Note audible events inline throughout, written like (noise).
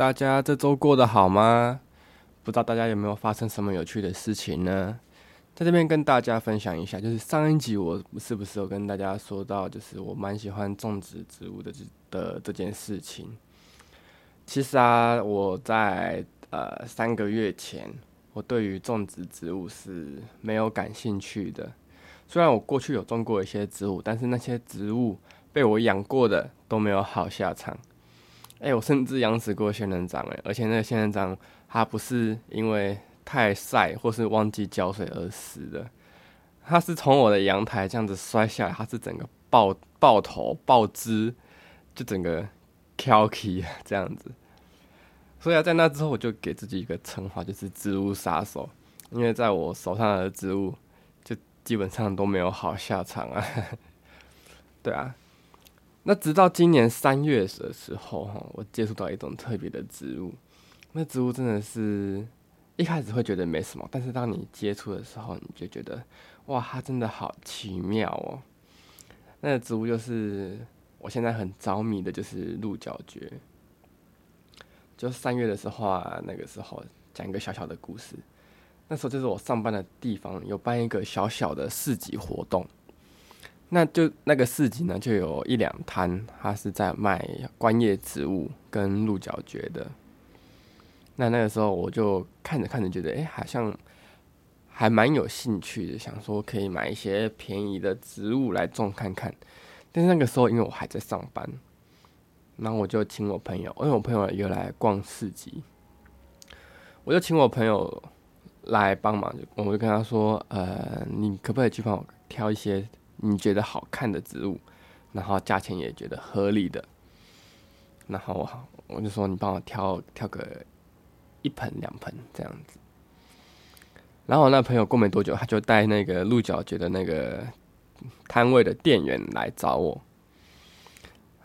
大家這周過得好嗎？不知道大家有沒有發生什麼有趣的事情呢？在這邊跟大家分享一下，就是上一集我是不是有跟大家說到，就是我蠻喜歡種植植物的這的這件事情。其實啊，我在呃三個月前，我對於種植植物是沒有感興趣的。雖然我過去有種過一些植物，但是那些植物被我養過的都沒有好下場。哎、欸，我甚至養死過仙人掌誒，而且那個仙人掌它不是因為太曬或是忘記澆水而死的，它是從我的陽台這樣子摔下來，它是整個爆爆頭爆枝，就整個挑剔這樣子。所以在那之後，我就給自己一個稱號，就是植物殺手，因為在我手上的植物就基本上都沒有好下場啊。 (laughs) 對啊。那直到今年三月的時候，我接觸到一種特別的植物。那植物真的是一開始會覺得沒什麼，但是當你接觸的時候，你就覺得，哇，它真的好奇妙哦。那植物就是我現在很着迷的就角角，就是鹿角蕨。就三月的時候啊，那個時候講一個小小的故事。那時候就是我上班的地方有辦一個小小的市集活動。那就那個市集呢，就有一兩攤，他是在賣觀葉植物跟鹿角蕨的。那那個時候我就看着看着，覺得哎、欸，好像還蠻有興趣的，想說可以買一些便宜的植物來種看看。但是那個時候因為我還在上班，然後我就請我朋友，因為我朋友又來逛市集，我就請我朋友來幫忙，我就跟他說，呃，你可不可以去幫我挑一些？你覺得好看的植物，然後價錢也覺得合理的，然後我就說，你幫我挑挑個一盆兩盆這樣子。然後我那朋友過沒多久，他就帶那個鹿角蕨的那個攤位的店員來找我，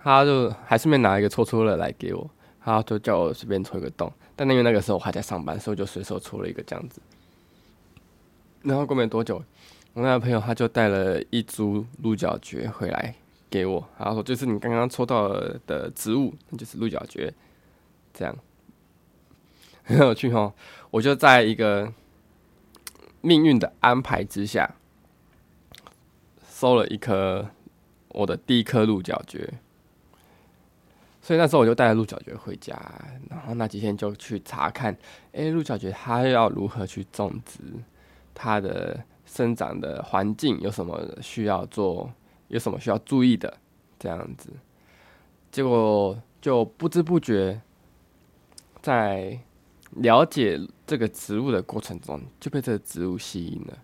他就還順便拿一個戳戳樂來給我，他就叫我隨便戳一個洞。但因為那個時候我還在上班，所以就隨手戳了一個這樣子。然後過沒多久。我那個朋友他就帶了一株鹿角蕨回來給我，然後說這是你剛剛抽到的植物，那就是鹿角蕨，這樣很有趣哦，我就在一個命運的安排之下，收了一顆我的第一顆鹿角蕨，所以那時候我就帶了鹿角蕨回家，然後那幾天就去查看，哎、欸，鹿角蕨它要如何去種植，它的。生長的環境有什麼需要做？有什麼需要注意的？這樣子，結果就不知不覺在了解這個植物的過程中，就被這個植物吸引了。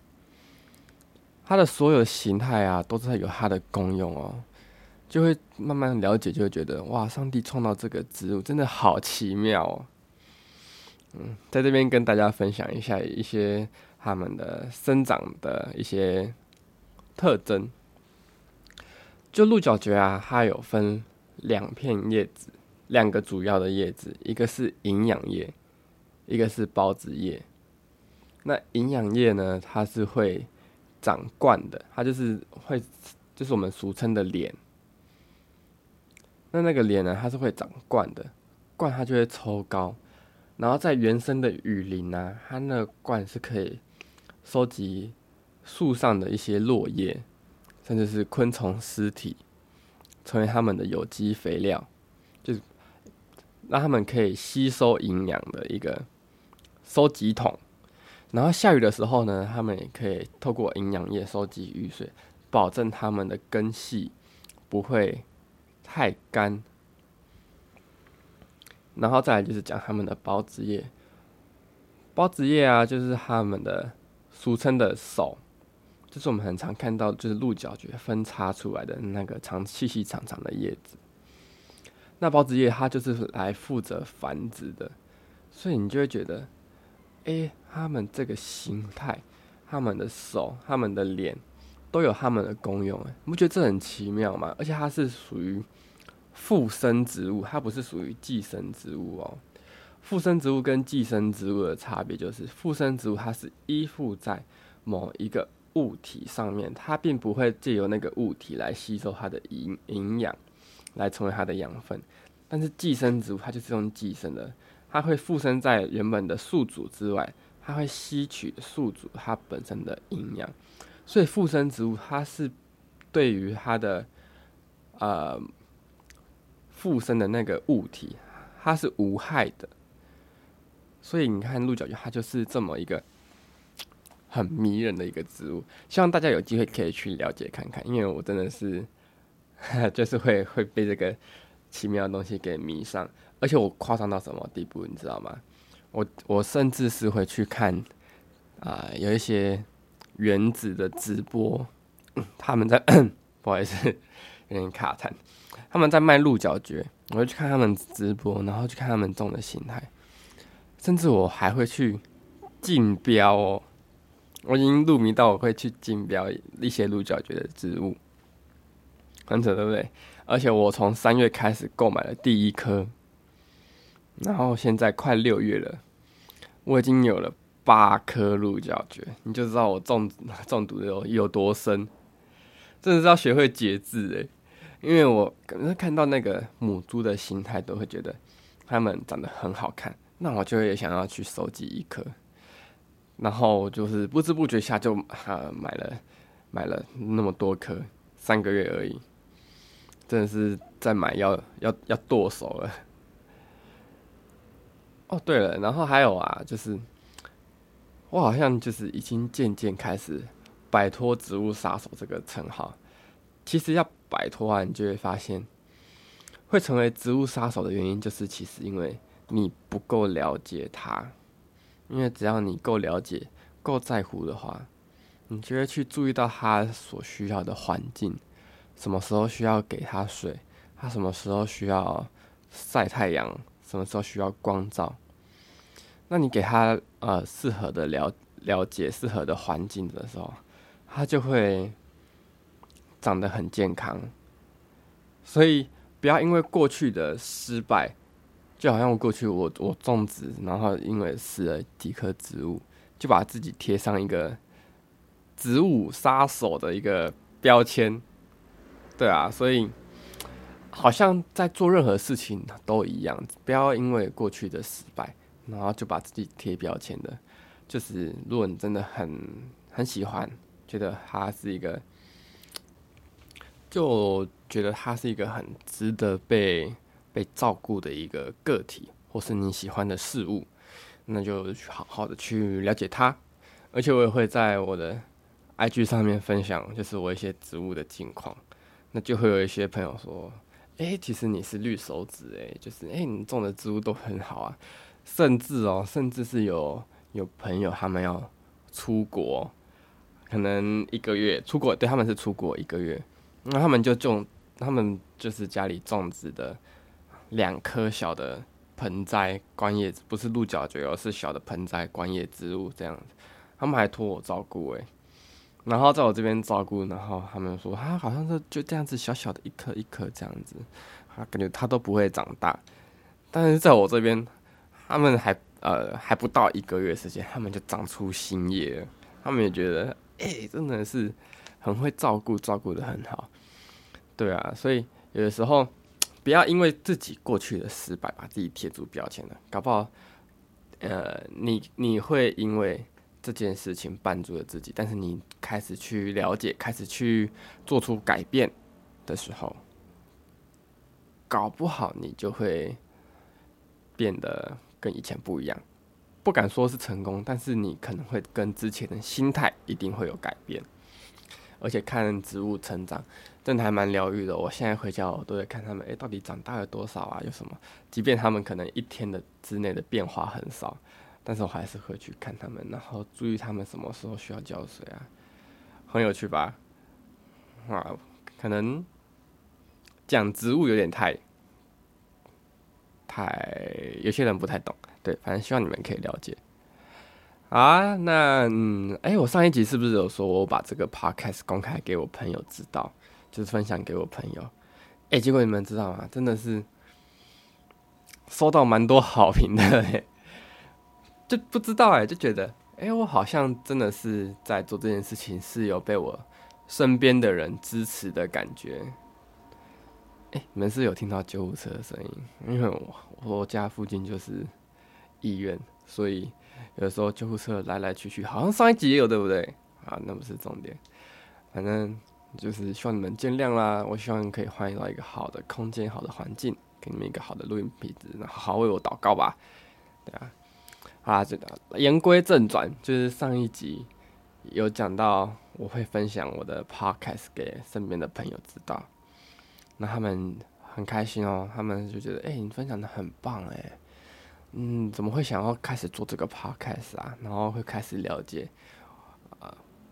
它的所有的形態啊，都是有它的功用哦。就會慢慢了解，就會覺得哇，上帝創造這個植物真的好奇妙哦。嗯，在這邊跟大家分享一下一些。它們的生長的一些特徵，就鹿角蕨啊，它有分兩片葉子，兩個主要的葉子，一個是營養葉，一個是孢子葉。那營養葉呢，它是會長冠的，它就是會，就是我們俗稱的“臉”。那那個臉呢，它是會長冠的，冠它就會抽高。然後在原生的雨林啊，它那個冠是可以。收集樹上的一些落葉，甚至是昆蟲屍體，成為他們的有機肥料，就是讓他們可以吸收營養的一個收集桶。然後下雨的時候呢，他們也可以透過營養液收集雨水，保證他們的根系不會太乾。然後再來就是講他們的孢子葉，孢子葉啊，就是他們的。俗稱的手，就是我們很常看到，就是鹿角蕨分叉出來的那個長、細細長長的葉子。那孢子葉它就是來負責繁殖的，所以你就會覺得，誒、欸，他們這個形態、他們的手、他們的臉，都有他們的功用、欸，誒，你不覺得這很奇妙嗎？而且它是屬於附生植物，它不是屬於寄生植物哦、喔。附生植物跟寄生植物的差別就是，附生植物它是依附在某一個物體上面，它並不會借由那個物體來吸收它的營營養，來成為它的養分。但是寄生植物它就是用寄生的，它會附生在原本的宿主之外，它會吸取宿主它本身的營養。所以附生植物它是對於它的呃附生的那個物體，它是無害的。所以你看鹿角蕨，它就是這麼一個很迷人的一個植物。希望大家有機會可以去了解看看，因為我真的是，呵呵，就是會會被這個奇妙的東西給迷上。而且我誇張到什麼地步，你知道嗎？我我甚至是會去看啊、呃，有一些園子的直播，嗯、他們在，不好意思，有點卡痰。他們在賣鹿角蕨，我會去看他們直播，然後去看他們種的形態。甚至我還會去競標哦！我已經入迷到我會去競標一些鹿角蕨的植物，很扯對不對？而且我從三月開始購買了第一顆，然後現在快六月了，我已經有了八顆鹿角蕨，你就知道我中中毒的有有多深，真的是要學會節制誒、欸。因為我看到那個母株的形態，都會覺得它們長得很好看。那我就也想要去收集一顆，然後就是不知不覺下就啊買了，買了那麼多顆，三個月而已，真的是在買要要要剁手了。哦，對了，然後還有啊，就是我好像就是已經漸漸開始擺脫植物殺手這個稱號。其實要擺脫啊，你就會發現，會成為植物殺手的原因，就是其實因為。你不夠了解他，因為只要你夠了解、夠在乎的話，你就會去注意到他所需要的環境，什麼時候需要給他水，他什麼時候需要曬太陽，什麼時候需要光照。那你給他呃適合的了了解、適合的環境的時候，他就會長得很健康。所以不要因為過去的失敗。就好像我過去我，我我種植，然後因為死了幾棵植物，就把自己貼上一個植物殺手的一個標籤。對啊，所以好像在做任何事情都一樣，不要因為過去的失敗，然後就把自己貼標籤的。就是，如果你真的很很喜歡，覺得他是一個，就覺得他是一個很值得被。被照顧的一個個體，或是你喜歡的事物，那就去好好的去了解它。而且我也會在我的 IG 上面分享，就是我一些植物的近況。那就會有一些朋友說：“誒、欸，其實你是綠手指誒、欸，就是誒、欸，你種的植物都很好啊。”甚至哦、喔，甚至是有有朋友他們要出國，可能一個月出國，對，他們是出國一個月，那他們就種，他們就是家裡種植的。兩棵小的盆栽觀葉，不是鹿角蕨，而是小的盆栽觀葉植物這樣子。他們還托我照顧誒，然後在我這邊照顧，然後他們說，他、啊、好像是就這樣子小小的，一棵一棵這樣子，他、啊、感覺他都不會長大。但是在我這邊，他們還呃還不到一個月時間，他們就長出新葉了。他們也覺得，誒、欸，真的是很會照顧，照顧得很好。對啊，所以有的時候。不要因為自己過去的失敗把自己貼住標籤了，搞不好，呃，你你會因為這件事情絆住了自己，但是你開始去了解，開始去做出改變的時候，搞不好你就會變得跟以前不一樣。不敢說是成功，但是你可能會跟之前的心態一定會有改變，而且看植物成長。真的還蠻療癒的。我現在回家，我都會看他們，哎、欸，到底長大了多少啊？有什麼？即便他們可能一天的之內的變化很少，但是我還是會去看他們，然後注意他們什麼時候需要澆水啊，很有趣吧？哇、啊，可能講植物有點太太，有些人不太懂。對，反正希望你們可以了解。啊，那嗯，哎、欸，我上一集是不是有說我把這個 podcast 公開給我朋友知道？就是分享給我朋友，哎、欸，結果你們知道嗎？真的是收到蠻多好評的、欸，就不知道哎、欸，就覺得哎、欸，我好像真的是在做這件事情，是有被我身邊的人支持的感覺。欸、你們是，是有聽到救護車的聲音，因為我我家附近就是醫院，所以有時候救護車來來去去，好像上一集也有，對不對？啊，那不是重點，反正。就是希望你們見諒啦，我希望你可以換到一個好的空間、好的環境，給你們一個好的錄音品質，那好好為我禱告吧，對啊。好啦，就言歸正傳，就是上一集有講到，我會分享我的 podcast 給身邊的朋友知道，那他們很開心哦、喔，他們就覺得，誒、欸，你分享得很棒、欸，誒，嗯，怎麼會想要開始做這個 podcast 啊？然後會開始了解。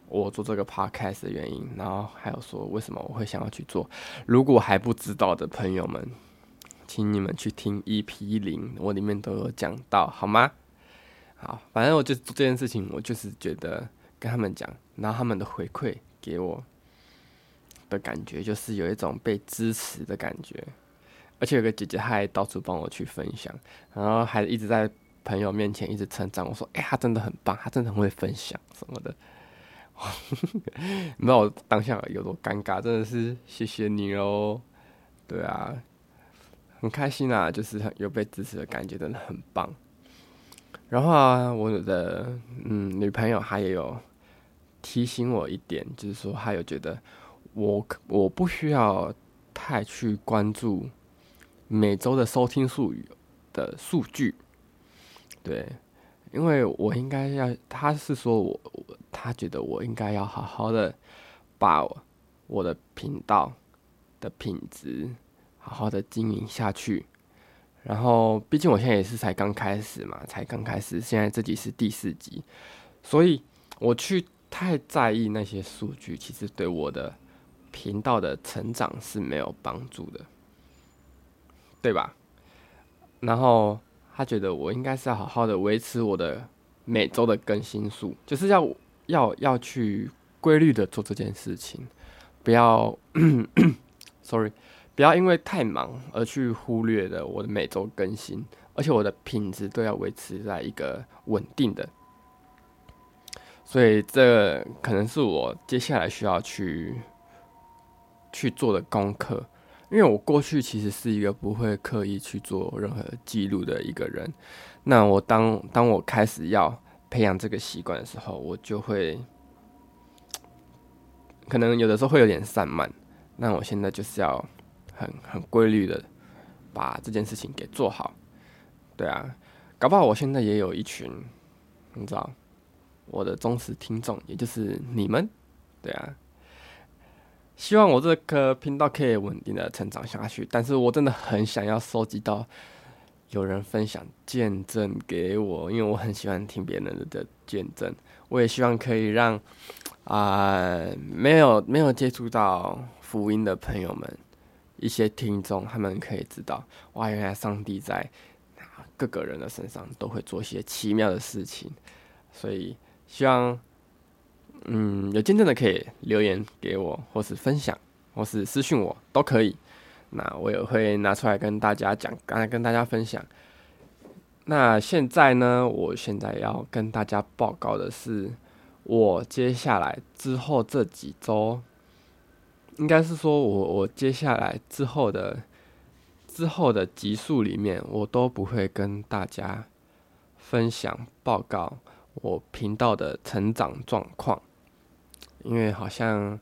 我做這個 podcast 的原因，然後還有說為什麼我會想要去做。如果還不知道的朋友們，請你們去聽 EP 零，我裡面都有講到，好嗎？好，反正我就做這件事情，我就是覺得跟他們講，然後他們的回饋給我的感覺，就是有一種被支持的感覺。而且有個姐姐她還到處幫我去分享，然後還一直在朋友面前一直稱讚我說：“哎呀，她真的很棒，她真的很會分享什麼的。” (laughs) 你知道我當下有多尷尬？真的是謝謝你哦，對啊，很開心啊，就是有被支持的感覺，真的很棒。然後啊，我的嗯女朋友她也有提醒我一點，就是說她有覺得我我不需要太去關注每周的收聽數語的數據，對。因為我應該要，他是說我，他覺得我應該要好好的把我的頻道的品質好好的經營下去。然後，畢竟我現在也是才剛開始嘛，才剛開始，現在這集是第四集，所以我去太在意那些數據，其實對我的頻道的成長是沒有幫助的，對吧？然後。他覺得我應該是要好好的維持我的每周的更新數，就是要要要去規律的做這件事情，不要 (coughs) ，Sorry，不要因為太忙而去忽略了我的每周更新，而且我的品質都要維持在一個穩定的，所以這可能是我接下來需要去去做的功課。因為我過去其實是一個不會刻意去做任何記錄的一個人，那我當當我開始要培養這個習慣的時候，我就會，可能有的時候會有點散漫。那我現在就是要很很規律的把這件事情給做好。對啊，搞不好我現在也有一群，你知道，我的忠實聽眾，也就是你們，對啊。希望我這個頻道可以穩定的成長下去，但是我真的很想要收集到有人分享見證給我，因為我很喜歡聽別人的見證。我也希望可以讓啊、呃、沒有沒有接觸到福音的朋友們，一些聽眾他們可以知道，哇，原來上帝在各個人的身上都會做些奇妙的事情，所以希望。嗯，有見證的可以留言給我，或是分享，或是私信我都可以。那我也會拿出來跟大家講，剛才，啊，跟大家分享。那現在呢，我現在要跟大家報告的是，我接下來之後這幾週，應該是說我我接下來之後的之後的集數裡面，我都不會跟大家分享報告我頻道的成長狀況。因為好像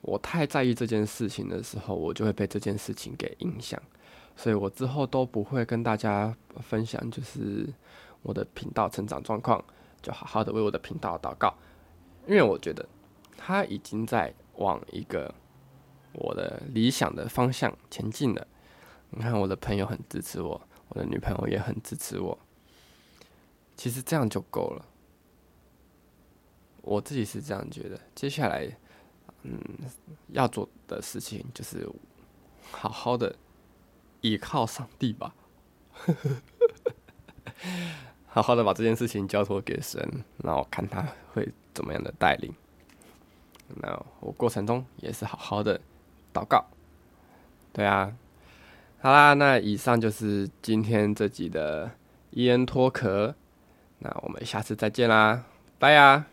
我太在意這件事情的時候，我就會被這件事情給影響，所以我之後都不會跟大家分享，就是我的頻道成長狀況，就好好的為我的頻道禱告，因為我覺得他已經在往一個我的理想的方向前進了。你看，我的朋友很支持我，我的女朋友也很支持我，其實這樣就夠了。我自己是這樣覺得。接下來，嗯，要做的事情就是好好的倚靠上帝吧， (laughs) 好好的把這件事情交托給神，然後看他會怎麼樣的帶領。那我過程中也是好好的禱告。對啊，好啦，那以上就是今天這集的伊恩脫殼。那我們下次再見啦，拜呀、啊！